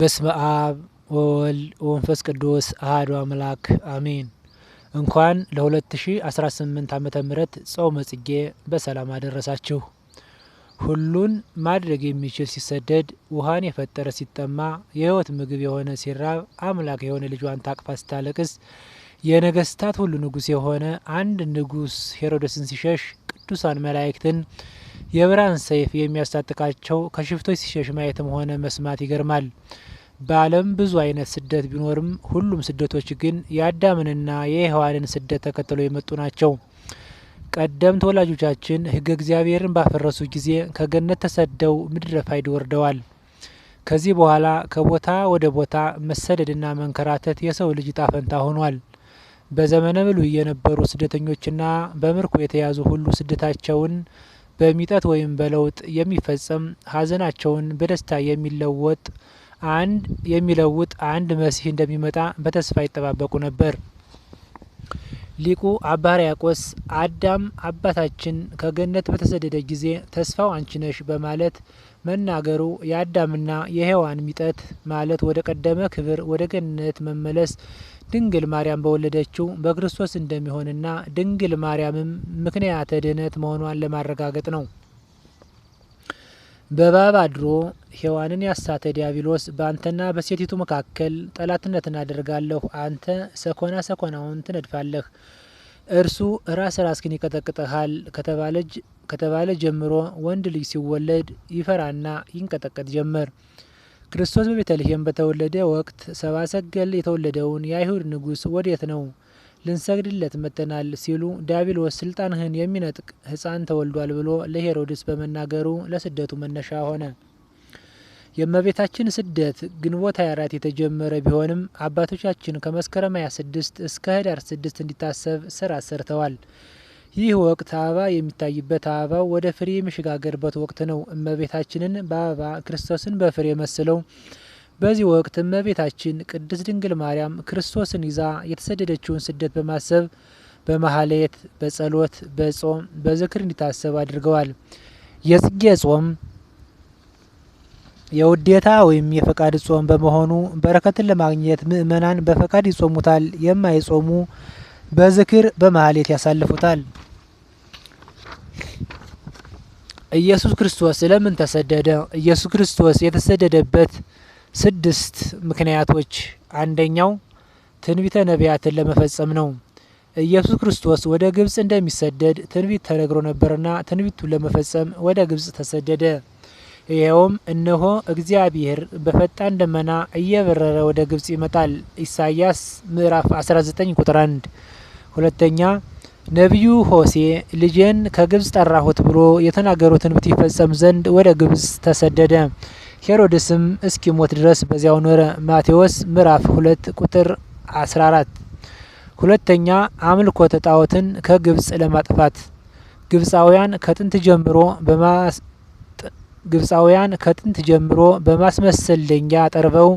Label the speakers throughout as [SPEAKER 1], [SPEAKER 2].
[SPEAKER 1] በስመ አብ ወወልድ ወመንፈስ ቅዱስ አሐዱ አምላክ አሜን። እንኳን ለ2018 ዓመተ ምህረት ጾመ ጽጌ በሰላም አደረሳችሁ። ሁሉን ማድረግ የሚችል ሲሰደድ፣ ውሃን የፈጠረ ሲጠማ፣ የህይወት ምግብ የሆነ ሲራብ፣ አምላክ የሆነ ልጇን ታቅፋ ስታለቅስ፣ የነገስታት ሁሉ ንጉሥ የሆነ አንድ ንጉሥ ሄሮደስን ሲሸሽ ቅዱሳን መላእክትን የብርሃን ሰይፍ የሚያስታጥቃቸው ከሽፍቶች ሲሸሽ ማየትም ሆነ መስማት ይገርማል። በዓለም ብዙ አይነት ስደት ቢኖርም ሁሉም ስደቶች ግን የአዳምንና የሔዋንን ስደት ተከትለው የመጡ ናቸው። ቀደምት ወላጆቻችን ሕገ እግዚአብሔርን ባፈረሱ ጊዜ ከገነት ተሰደው ምድረ ፋይድ ወርደዋል። ከዚህ በኋላ ከቦታ ወደ ቦታ መሰደድና መንከራተት የሰው ልጅ ጣፈንታ ሆኗል። በዘመነ ብሉይ የነበሩ ስደተኞችና በምርኮ የተያዙ ሁሉ ስደታቸውን በሚጠት ወይም በለውጥ የሚፈጸም ሐዘናቸውን በደስታ የሚለወጥ አንድ የሚለውጥ አንድ መሲህ እንደሚመጣ በተስፋ ይጠባበቁ ነበር። ሊቁ አባ ሕርያቆስ አዳም አባታችን ከገነት በተሰደደ ጊዜ ተስፋው አንችነሽ በማለት መናገሩ የአዳምና የሔዋን ሚጠት ማለት ወደ ቀደመ ክብር ወደ ገነት መመለስ ድንግል ማርያም በወለደችው በክርስቶስ እንደሚሆንና ድንግል ማርያምም ምክንያተ ድህነት መሆኗን ለማረጋገጥ ነው። በባብ አድሮ ሔዋንን ያሳተ ዲያብሎስ በአንተና በሴቲቱ መካከል ጠላትነትን አደርጋለሁ፣ አንተ ሰኮና ሰኮናውን ትነድፋለህ፣ እርሱ ራስ ራስክን ይቀጠቅጠሃል ከተባለ ጀምሮ ወንድ ልጅ ሲወለድ ይፈራና ይንቀጠቀጥ ጀመር። ክርስቶስ በቤተልሔም በተወለደ ወቅት ሰብአ ሰገል የተወለደውን የአይሁድ ንጉሥ ወዴት ነው ልንሰግድለት መጥተናል ሲሉ ዲያብሎስ ስልጣንህን የሚነጥቅ ሕፃን ተወልዷል ብሎ ለሄሮድስ በመናገሩ ለስደቱ መነሻ ሆነ። የእመቤታችን ስደት ግንቦት 24 የተጀመረ ቢሆንም አባቶቻችን ከመስከረም 26 እስከ ህዳር 6 እንዲታሰብ ስራ ሰርተዋል። ይህ ወቅት አበባ የሚታይበት አበባው ወደ ፍሬ የሚሸጋገርበት ወቅት ነው። እመቤታችንን በአበባ ክርስቶስን በፍሬ መስለው በዚህ ወቅት እመቤታችን ቅድስት ድንግል ማርያም ክርስቶስን ይዛ የተሰደደችውን ስደት በማሰብ በማህሌት፣ በጸሎት፣ በጾም፣ በዝክር እንዲታሰብ አድርገዋል። የጽጌ ጾም የውዴታ ወይም የፈቃድ ጾም በመሆኑ በረከትን ለማግኘት ምእመናን በፈቃድ ይጾሙታል። የማይጾሙ በዝክር በማህሌት ያሳልፉታል። ኢየሱስ ክርስቶስ ለምን ተሰደደ? ኢየሱስ ክርስቶስ የተሰደደበት ስድስት ምክንያቶች አንደኛው ትንቢተ ነቢያትን ለመፈጸም ነው። ኢየሱስ ክርስቶስ ወደ ግብጽ እንደሚሰደድ ትንቢት ተነግሮ ነበርና ትንቢቱን ለመፈጸም ወደ ግብጽ ተሰደደ። ይኸውም እነሆ እግዚአብሔር በፈጣን ደመና እየበረረ ወደ ግብጽ ይመጣል። ኢሳይያስ ምዕራፍ 19 ቁጥር 1 ሁለተኛ ነቢዩ ሆሴ ልጄን ከግብጽ ጠራሁት ብሎ የተናገሩትን ብት ይፈጸም ዘንድ ወደ ግብጽ ተሰደደ። ሄሮድስም እስኪ ሞት ድረስ በዚያው ኖረ። ማቴዎስ ምዕራፍ ሁለት ቁጥር አስራ አራት ሁለተኛ አምልኮተ ጣዖትን ከግብጽ ለማጥፋት ግብፃውያን ከጥንት ጀምሮ በማስ ግብፃውያን ከጥንት ጀምሮ በማስመሰል ጠርበው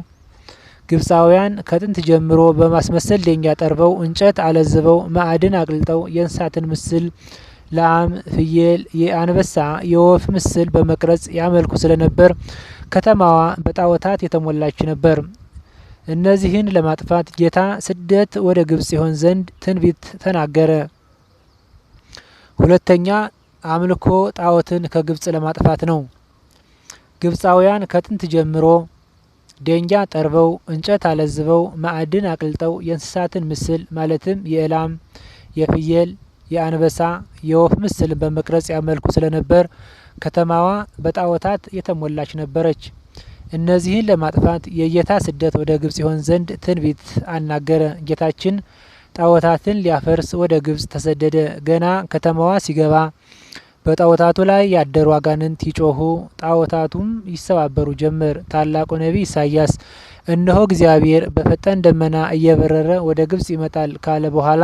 [SPEAKER 1] ግብፃውያን ከጥንት ጀምሮ በማስመሰል ደንጊያ ጠርበው እንጨት አለዝበው ማዕድን አቅልጠው የእንስሳትን ምስል ለአም ፍየል፣ የአንበሳ፣ የወፍ ምስል በመቅረጽ ያመልኩ ስለነበር ከተማዋ በጣዖታት የተሞላች ነበር። እነዚህን ለማጥፋት ጌታ ስደት ወደ ግብጽ ይሆን ዘንድ ትንቢት ተናገረ። ሁለተኛ አምልኮ ጣዖትን ከግብጽ ለማጥፋት ነው። ግብፃውያን ከጥንት ጀምሮ ደንጃ ጠርበው እንጨት አለዝበው ማዕድን አቅልጠው የእንስሳትን ምስል ማለትም የእላም፣ የፍየል፣ የአንበሳ፣ የወፍ ምስል በመቅረጽ ያመልኩ ስለነበር ከተማዋ በጣዖታት የተሞላች ነበረች። እነዚህን ለማጥፋት የጌታ ስደት ወደ ግብጽ ይሆን ዘንድ ትንቢት አናገረ። ጌታችን ጣዖታትን ሊያፈርስ ወደ ግብጽ ተሰደደ። ገና ከተማዋ ሲገባ በጣዖታቱ ላይ ያደሩ አጋንንት ይጮሁ ጣዖታቱም ይሰባበሩ ጀመር። ታላቁ ነቢይ ኢሳያስ እነሆ እግዚአብሔር በፈጠን ደመና እየበረረ ወደ ግብጽ ይመጣል ካለ በኋላ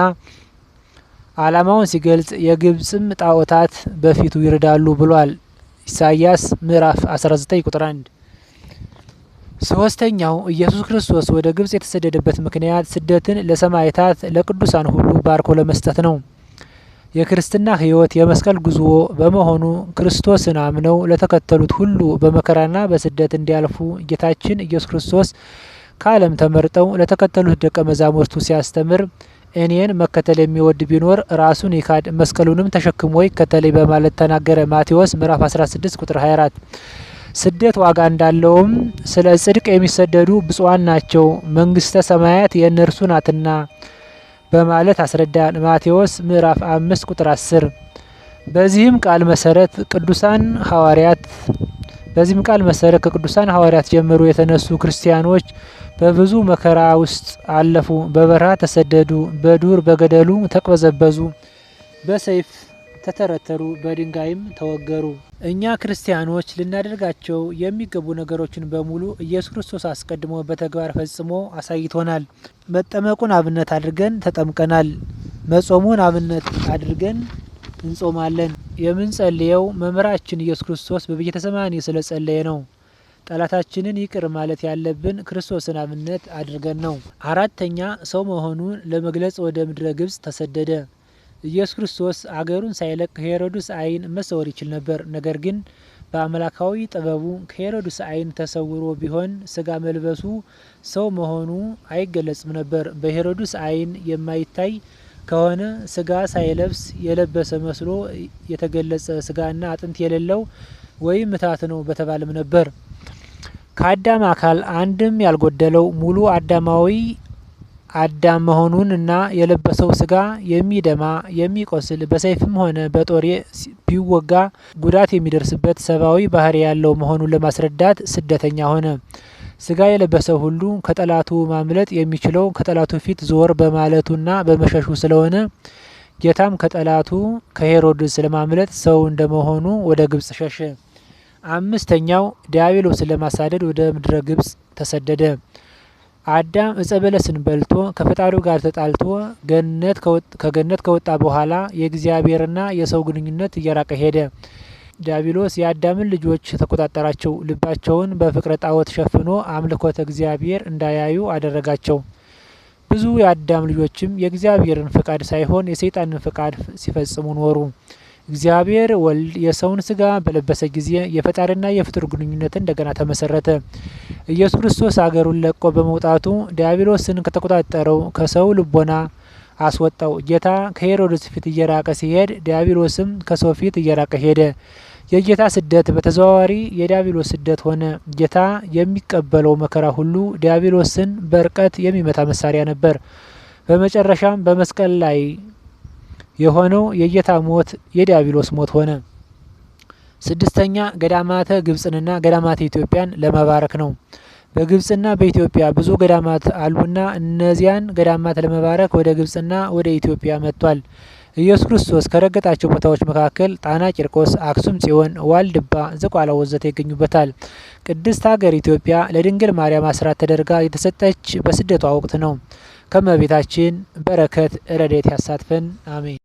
[SPEAKER 1] ዓላማውን ሲገልጽ የግብጽም ጣዖታት በፊቱ ይርዳሉ ብሏል። ኢሳያስ ምዕራፍ 19 ቁጥር 1። ሶስተኛው ኢየሱስ ክርስቶስ ወደ ግብጽ የተሰደደበት ምክንያት ስደትን ለሰማዕታት ለቅዱሳን ሁሉ ባርኮ ለመስጠት ነው። የክርስትና ህይወት የመስቀል ጉዞ በመሆኑ ክርስቶስን አምነው ለተከተሉት ሁሉ በመከራና በስደት እንዲያልፉ ጌታችን ኢየሱስ ክርስቶስ ከዓለም ተመርጠው ለተከተሉት ደቀ መዛሙርቱ ሲያስተምር እኔን መከተል የሚወድ ቢኖር ራሱን ይካድ መስቀሉንም ተሸክሞ ይከተለኝ በማለት ተናገረ። ማቴዎስ ምዕራፍ 16 ቁጥር 24። ስደት ዋጋ እንዳለውም ስለ ጽድቅ የሚሰደዱ ብፁዓን ናቸው፣ መንግስተ ሰማያት የእነርሱ ናትና በማለት አስረዳል ማቴዎስ ምዕራፍ 5 ቁጥር 10። በዚህም ቃል መሰረት ቅዱሳን ሐዋርያት በዚህም ቃል መሰረት ከቅዱሳን ሐዋርያት ጀምሮ የተነሱ ክርስቲያኖች በብዙ መከራ ውስጥ አለፉ። በበረሃ ተሰደዱ፣ በዱር በገደሉ ተቅበዘበዙ፣ በሰይፍ ተተረተሩ፣ በድንጋይም ተወገሩ። እኛ ክርስቲያኖች ልናደርጋቸው የሚገቡ ነገሮችን በሙሉ ኢየሱስ ክርስቶስ አስቀድሞ በተግባር ፈጽሞ አሳይቶናል። መጠመቁን አብነት አድርገን ተጠምቀናል። መጾሙን አብነት አድርገን እንጾማለን። የምንጸልየው መምህራችን ኢየሱስ ክርስቶስ በጌተሰማኒ ስለ ጸለየ ነው። ጠላታችንን ይቅር ማለት ያለብን ክርስቶስን አብነት አድርገን ነው። አራተኛ ሰው መሆኑን ለመግለጽ ወደ ምድረ ግብጽ ተሰደደ። ኢየሱስ ክርስቶስ አገሩን ሳይለቅ ከሄሮድስ አይን መሰወር ይችል ነበር። ነገር ግን በአምላካዊ ጥበቡ ከሄሮድስ አይን ተሰውሮ ቢሆን ስጋ መልበሱ ሰው መሆኑ አይገለጽም ነበር። በሄሮድስ አይን የማይታይ ከሆነ ስጋ ሳይለብስ የለበሰ መስሎ የተገለጸ ስጋና አጥንት የሌለው ወይም ምታት ነው በተባለም ነበር። ከአዳም አካል አንድም ያልጎደለው ሙሉ አዳማዊ አዳም መሆኑን እና የለበሰው ስጋ የሚደማ የሚቆስል በሰይፍም ሆነ በጦር ቢወጋ ጉዳት የሚደርስበት ሰብአዊ ባህሪ ያለው መሆኑን ለማስረዳት ስደተኛ ሆነ። ስጋ የለበሰው ሁሉ ከጠላቱ ማምለጥ የሚችለው ከጠላቱ ፊት ዞር በማለቱና በመሸሹ ስለሆነ ጌታም ከጠላቱ ከሄሮድስ ለማምለጥ ሰው እንደመሆኑ ወደ ግብጽ ሸሸ። አምስተኛው ዲያብሎስን ለማሳደድ ወደ ምድረ ግብጽ ተሰደደ። አዳም እጸ በለስን በልቶ ከፈጣሪው ጋር ተጣልቶ ከገነት ከወጣ በኋላ የእግዚአብሔርና የሰው ግንኙነት እየራቀ ሄደ። ዲያብሎስ የአዳምን ልጆች ተቆጣጠራቸው። ልባቸውን በፍቅረ ጣዖት ሸፍኖ አምልኮተ እግዚአብሔር እንዳያዩ አደረጋቸው። ብዙ የአዳም ልጆችም የእግዚአብሔርን ፍቃድ ሳይሆን የሰይጣንን ፍቃድ ሲፈጽሙ ኖሩ። እግዚአብሔር ወልድ የሰውን ስጋ በለበሰ ጊዜ የፈጣሪና የፍጡር ግንኙነት እንደገና ተመሰረተ። ኢየሱስ ክርስቶስ አገሩን ለቆ በመውጣቱ ዲያብሎስን ከተቆጣጠረው ከሰው ልቦና አስወጣው። ጌታ ከሄሮድስ ፊት እየራቀ ሲሄድ፣ ዲያብሎስም ከሰው ፊት እየራቀ ሄደ። የጌታ ስደት በተዘዋዋሪ የዲያብሎስ ስደት ሆነ። ጌታ የሚቀበለው መከራ ሁሉ ዲያብሎስን በርቀት የሚመታ መሳሪያ ነበር። በመጨረሻም በመስቀል ላይ የሆነው የጌታ ሞት የዲያብሎስ ሞት ሆነ። ስድስተኛ ገዳማተ ግብጽንና ገዳማተ ኢትዮጵያን ለመባረክ ነው። በግብጽና በኢትዮጵያ ብዙ ገዳማት አሉና እነዚያን ገዳማት ለመባረክ ወደ ግብጽና ወደ ኢትዮጵያ መጥቷል። ኢየሱስ ክርስቶስ ከረገጣቸው ቦታዎች መካከል ጣና ቂርቆስ፣ አክሱም ጽዮን፣ ዋልድባ፣ ዝቋላ ወዘተ ይገኙበታል። ቅድስት ሀገር ኢትዮጵያ ለድንግል ማርያም አስራት ተደርጋ የተሰጠች በስደቷ ወቅት ነው። ከመቤታችን በረከት ረዴት ያሳትፈን፣ አሜን።